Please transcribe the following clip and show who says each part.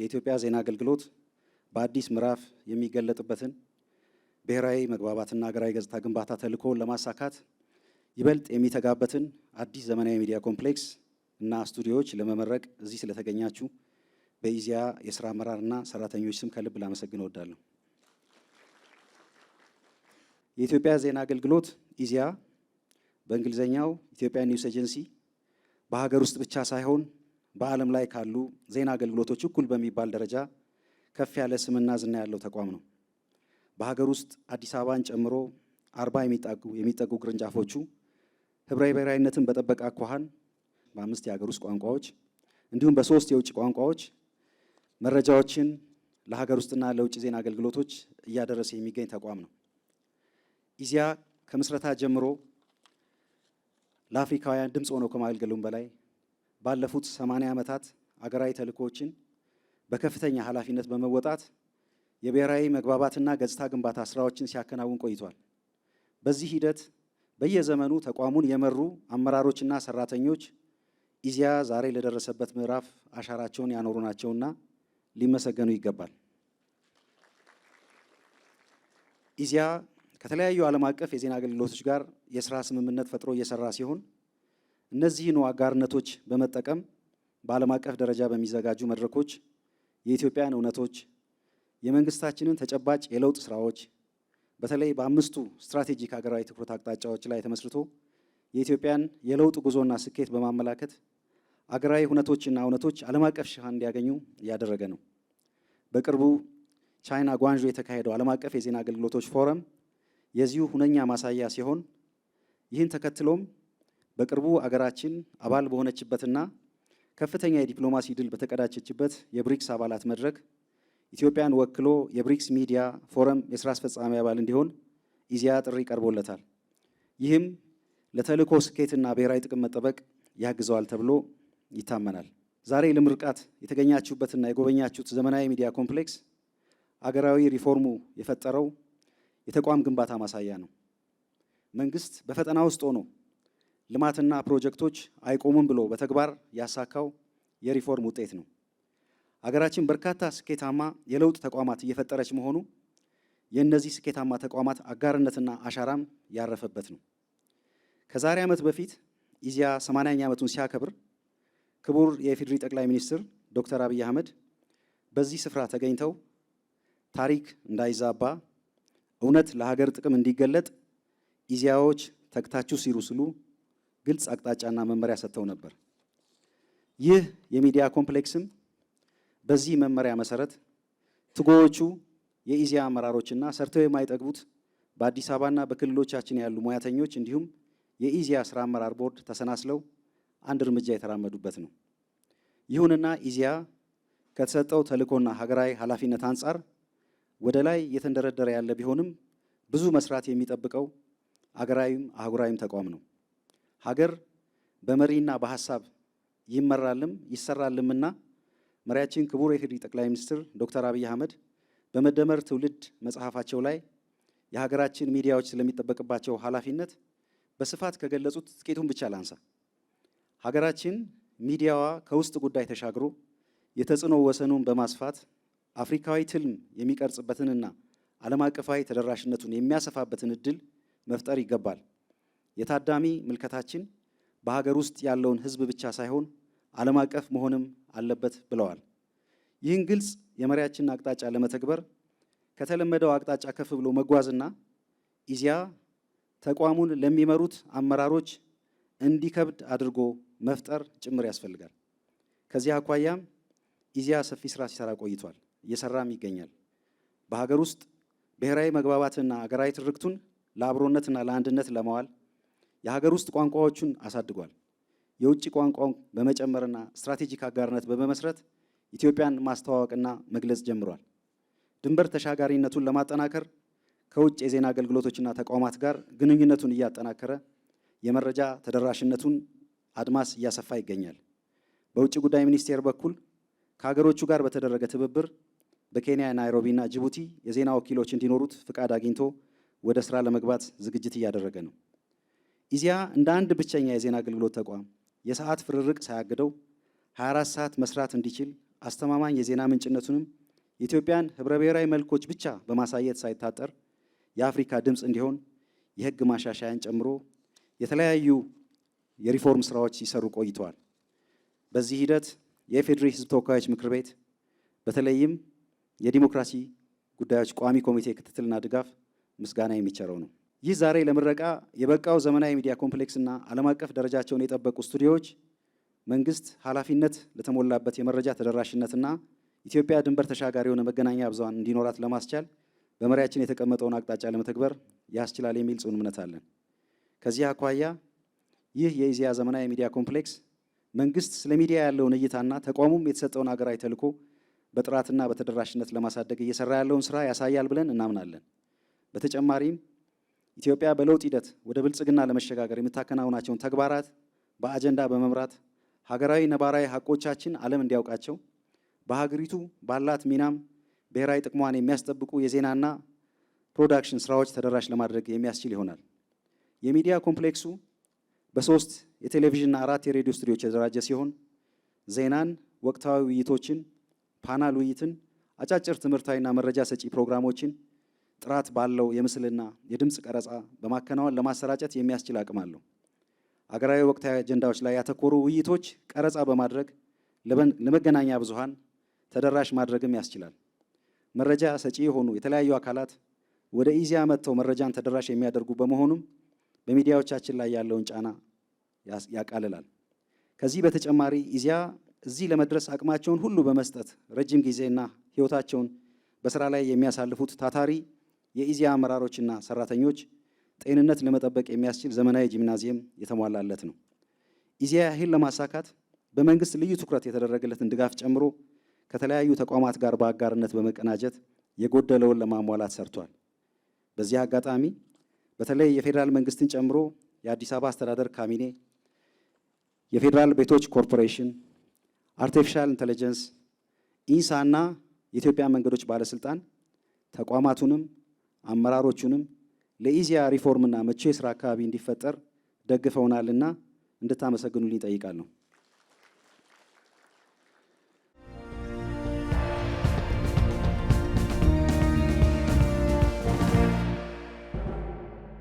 Speaker 1: የኢትዮጵያ ዜና አገልግሎት በአዲስ ምዕራፍ የሚገለጥበትን ብሔራዊ መግባባትና ሀገራዊ ገጽታ ግንባታ ተልዕኮውን ለማሳካት ይበልጥ የሚተጋበትን አዲስ ዘመናዊ ሚዲያ ኮምፕሌክስ እና ስቱዲዮዎች ለመመረቅ እዚህ ስለተገኛችሁ በኢዜአ የስራ አመራርና ሰራተኞች ስም ከልብ ላመሰግን እወዳለሁ። የኢትዮጵያ ዜና አገልግሎት ኢዜአ በእንግሊዝኛው ኢትዮጵያ ኒውስ ኤጀንሲ በሀገር ውስጥ ብቻ ሳይሆን በዓለም ላይ ካሉ ዜና አገልግሎቶች እኩል በሚባል ደረጃ ከፍ ያለ ስምና ዝና ያለው ተቋም ነው። በሀገር ውስጥ አዲስ አበባን ጨምሮ አርባ የሚጠጉ ቅርንጫፎቹ ህብረ ብሔራዊነትን በጠበቀ አኳኋን በአምስት የሀገር ውስጥ ቋንቋዎች እንዲሁም በሶስት የውጭ ቋንቋዎች መረጃዎችን ለሀገር ውስጥና ለውጭ ዜና አገልግሎቶች እያደረሰ የሚገኝ ተቋም ነው። ኢዜአ ከምስረታ ጀምሮ ለአፍሪካውያን ድምፅ ሆነው ከማገልገሉም በላይ ባለፉት 80 ዓመታት አገራዊ ተልእኮዎችን በከፍተኛ ኃላፊነት በመወጣት የብሔራዊ መግባባትና ገጽታ ግንባታ ስራዎችን ሲያከናውን ቆይቷል። በዚህ ሂደት በየዘመኑ ተቋሙን የመሩ አመራሮችና ሰራተኞች ኢዜአ ዛሬ ለደረሰበት ምዕራፍ አሻራቸውን ያኖሩ ናቸውና ሊመሰገኑ ይገባል። ኢዜአ ከተለያዩ ዓለም አቀፍ የዜና አገልግሎቶች ጋር የስራ ስምምነት ፈጥሮ እየሰራ ሲሆን እነዚህን አጋርነቶች በመጠቀም በዓለም አቀፍ ደረጃ በሚዘጋጁ መድረኮች የኢትዮጵያን እውነቶች፣ የመንግስታችንን ተጨባጭ የለውጥ ስራዎች በተለይ በአምስቱ ስትራቴጂክ ሀገራዊ ትኩረት አቅጣጫዎች ላይ ተመስርቶ የኢትዮጵያን የለውጥ ጉዞና ስኬት በማመላከት አገራዊ ሁነቶችና እውነቶች ዓለም አቀፍ ሽፋን እንዲያገኙ እያደረገ ነው። በቅርቡ ቻይና ጓንዦ የተካሄደው ዓለም አቀፍ የዜና አገልግሎቶች ፎረም የዚሁ ሁነኛ ማሳያ ሲሆን ይህን ተከትሎም በቅርቡ አገራችን አባል በሆነችበትና ከፍተኛ የዲፕሎማሲ ድል በተቀዳጀችበት የብሪክስ አባላት መድረክ ኢትዮጵያን ወክሎ የብሪክስ ሚዲያ ፎረም የስራ አስፈጻሚ አባል እንዲሆን ኢዚያ ጥሪ ቀርቦለታል። ይህም ለተልእኮ ስኬትና ብሔራዊ ጥቅም መጠበቅ ያግዘዋል ተብሎ ይታመናል። ዛሬ ለምርቃት የተገኛችሁበትና የጎበኛችሁት ዘመናዊ ሚዲያ ኮምፕሌክስ አገራዊ ሪፎርሙ የፈጠረው የተቋም ግንባታ ማሳያ ነው። መንግስት በፈጠና ውስጥ ሆኖ ልማትና ፕሮጀክቶች አይቆሙም ብሎ በተግባር ያሳካው የሪፎርም ውጤት ነው። አገራችን በርካታ ስኬታማ የለውጥ ተቋማት እየፈጠረች መሆኑ የእነዚህ ስኬታማ ተቋማት አጋርነትና አሻራም ያረፈበት ነው። ከዛሬ ዓመት በፊት ኢዜአ 80ኛ ዓመቱን ሲያከብር ክቡር የኢፌዴሪ ጠቅላይ ሚኒስትር ዶክተር አብይ አህመድ በዚህ ስፍራ ተገኝተው ታሪክ እንዳይዛባ፣ እውነት ለሀገር ጥቅም እንዲገለጥ ኢዜአዎች ተግታችሁ ሲሩ ስሉ ግልጽ አቅጣጫና መመሪያ ሰጥተው ነበር። ይህ የሚዲያ ኮምፕሌክስም በዚህ መመሪያ መሰረት ትጎዎቹ የኢዜአ አመራሮችና ሰርተው የማይጠግቡት በአዲስ አበባና በክልሎቻችን ያሉ ሙያተኞች እንዲሁም የኢዜአ ስራ አመራር ቦርድ ተሰናስለው አንድ እርምጃ የተራመዱበት ነው። ይሁንና ኢዜአ ከተሰጠው ተልእኮና ሀገራዊ ኃላፊነት አንጻር ወደ ላይ እየተንደረደረ ያለ ቢሆንም ብዙ መስራት የሚጠብቀው አገራዊም አህጉራዊም ተቋም ነው። ሀገር በመሪና በሀሳብ ይመራልም ይሰራልምና መሪያችን ክቡር የኢፌዴሪ ጠቅላይ ሚኒስትር ዶክተር አብይ አህመድ በመደመር ትውልድ መጽሐፋቸው ላይ የሀገራችን ሚዲያዎች ስለሚጠበቅባቸው ኃላፊነት በስፋት ከገለጹት ጥቂቱን ብቻ ላንሳ። ሀገራችን ሚዲያዋ ከውስጥ ጉዳይ ተሻግሮ የተጽዕኖ ወሰኑን በማስፋት አፍሪካዊ ትልም የሚቀርጽበትንና ዓለም አቀፋዊ ተደራሽነቱን የሚያሰፋበትን እድል መፍጠር ይገባል። የታዳሚ ምልከታችን በሀገር ውስጥ ያለውን ህዝብ ብቻ ሳይሆን ዓለም አቀፍ መሆንም አለበት ብለዋል። ይህን ግልጽ የመሪያችንን አቅጣጫ ለመተግበር ከተለመደው አቅጣጫ ከፍ ብሎ መጓዝና ኢዚያ ተቋሙን ለሚመሩት አመራሮች እንዲከብድ አድርጎ መፍጠር ጭምር ያስፈልጋል። ከዚህ አኳያም ኢዚያ ሰፊ ስራ ሲሰራ ቆይቷል፣ እየሰራም ይገኛል። በሀገር ውስጥ ብሔራዊ መግባባትና አገራዊ ትርክቱን ለአብሮነትና ለአንድነት ለማዋል የሀገር ውስጥ ቋንቋዎቹን አሳድጓል። የውጭ ቋንቋ በመጨመርና ስትራቴጂክ አጋርነት በመመስረት ኢትዮጵያን ማስተዋወቅና መግለጽ ጀምሯል። ድንበር ተሻጋሪነቱን ለማጠናከር ከውጭ የዜና አገልግሎቶችና ተቋማት ጋር ግንኙነቱን እያጠናከረ የመረጃ ተደራሽነቱን አድማስ እያሰፋ ይገኛል። በውጭ ጉዳይ ሚኒስቴር በኩል ከሀገሮቹ ጋር በተደረገ ትብብር በኬንያ እና ጅቡቲ የዜና ወኪሎች እንዲኖሩት ፍቃድ አግኝቶ ወደ ስራ ለመግባት ዝግጅት እያደረገ ነው። ኢዜአ እንደ አንድ ብቸኛ የዜና አገልግሎት ተቋም የሰዓት ፍርርቅ ሳያግደው 24 ሰዓት መስራት እንዲችል አስተማማኝ የዜና ምንጭነቱንም የኢትዮጵያን ህብረ ብሔራዊ መልኮች ብቻ በማሳየት ሳይታጠር የአፍሪካ ድምፅ እንዲሆን የህግ ማሻሻያን ጨምሮ የተለያዩ የሪፎርም ስራዎች ሲሰሩ ቆይተዋል። በዚህ ሂደት የኢፌዴሪ ህዝብ ተወካዮች ምክር ቤት በተለይም የዲሞክራሲ ጉዳዮች ቋሚ ኮሚቴ ክትትልና ድጋፍ ምስጋና የሚቸረው ነው። ይህ ዛሬ ለምረቃ የበቃው ዘመናዊ ሚዲያ ኮምፕሌክስና ዓለም አቀፍ ደረጃቸውን የጠበቁ ስቱዲዮዎች መንግስት ኃላፊነት ለተሞላበት የመረጃ ተደራሽነትና ኢትዮጵያ ድንበር ተሻጋሪ የሆነ መገናኛ ብዙሃን እንዲኖራት ለማስቻል በመሪያችን የተቀመጠውን አቅጣጫ ለመተግበር ያስችላል የሚል ጽኑ እምነት አለን። ከዚህ አኳያ ይህ የኢዜአ ዘመናዊ ሚዲያ ኮምፕሌክስ መንግስት ስለ ሚዲያ ያለውን እይታና ተቋሙም የተሰጠውን ሀገራዊ ተልዕኮ በጥራትና በተደራሽነት ለማሳደግ እየሰራ ያለውን ስራ ያሳያል ብለን እናምናለን። በተጨማሪም ኢትዮጵያ በለውጥ ሂደት ወደ ብልጽግና ለመሸጋገር የምታከናውናቸውን ተግባራት በአጀንዳ በመምራት ሀገራዊ ነባራዊ ሀቆቻችን ዓለም እንዲያውቃቸው በሀገሪቱ ባላት ሚናም ብሔራዊ ጥቅሟን የሚያስጠብቁ የዜናና ፕሮዳክሽን ስራዎች ተደራሽ ለማድረግ የሚያስችል ይሆናል። የሚዲያ ኮምፕሌክሱ በሶስት የቴሌቪዥንና አራት የሬዲዮ ስቱዲዮች የተደራጀ ሲሆን ዜናን፣ ወቅታዊ ውይይቶችን፣ ፓናል ውይይትን፣ አጫጭር ትምህርታዊና መረጃ ሰጪ ፕሮግራሞችን ጥራት ባለው የምስልና የድምፅ ቀረጻ በማከናወን ለማሰራጨት የሚያስችል አቅም አለው። አገራዊ ወቅታዊ አጀንዳዎች ላይ ያተኮሩ ውይይቶች ቀረጻ በማድረግ ለመገናኛ ብዙሃን ተደራሽ ማድረግም ያስችላል። መረጃ ሰጪ የሆኑ የተለያዩ አካላት ወደ ኢዜአ መጥተው መረጃን ተደራሽ የሚያደርጉ በመሆኑም በሚዲያዎቻችን ላይ ያለውን ጫና ያቃልላል። ከዚህ በተጨማሪ ኢዜአ እዚህ ለመድረስ አቅማቸውን ሁሉ በመስጠት ረጅም ጊዜና ሕይወታቸውን በስራ ላይ የሚያሳልፉት ታታሪ የኢዚያ አመራሮችና ሰራተኞች ጤንነት ለመጠበቅ የሚያስችል ዘመናዊ ጂምናዚየም የተሟላለት ነው። ኢዚያ ይህን ለማሳካት በመንግስት ልዩ ትኩረት የተደረገለትን ድጋፍ ጨምሮ ከተለያዩ ተቋማት ጋር በአጋርነት በመቀናጀት የጎደለውን ለማሟላት ሰርቷል። በዚህ አጋጣሚ በተለይ የፌዴራል መንግስትን ጨምሮ የአዲስ አበባ አስተዳደር ካቢኔ፣ የፌዴራል ቤቶች ኮርፖሬሽን፣ አርቲፊሻል ኢንቴሊጀንስ፣ ኢንሳ እና የኢትዮጵያ መንገዶች ባለስልጣን ተቋማቱንም አመራሮቹንም ለኢዚያ ሪፎርምና መቼ የስራ አካባቢ እንዲፈጠር ደግፈውናልና እንድታመሰግኑልኝ ይጠይቃለሁ።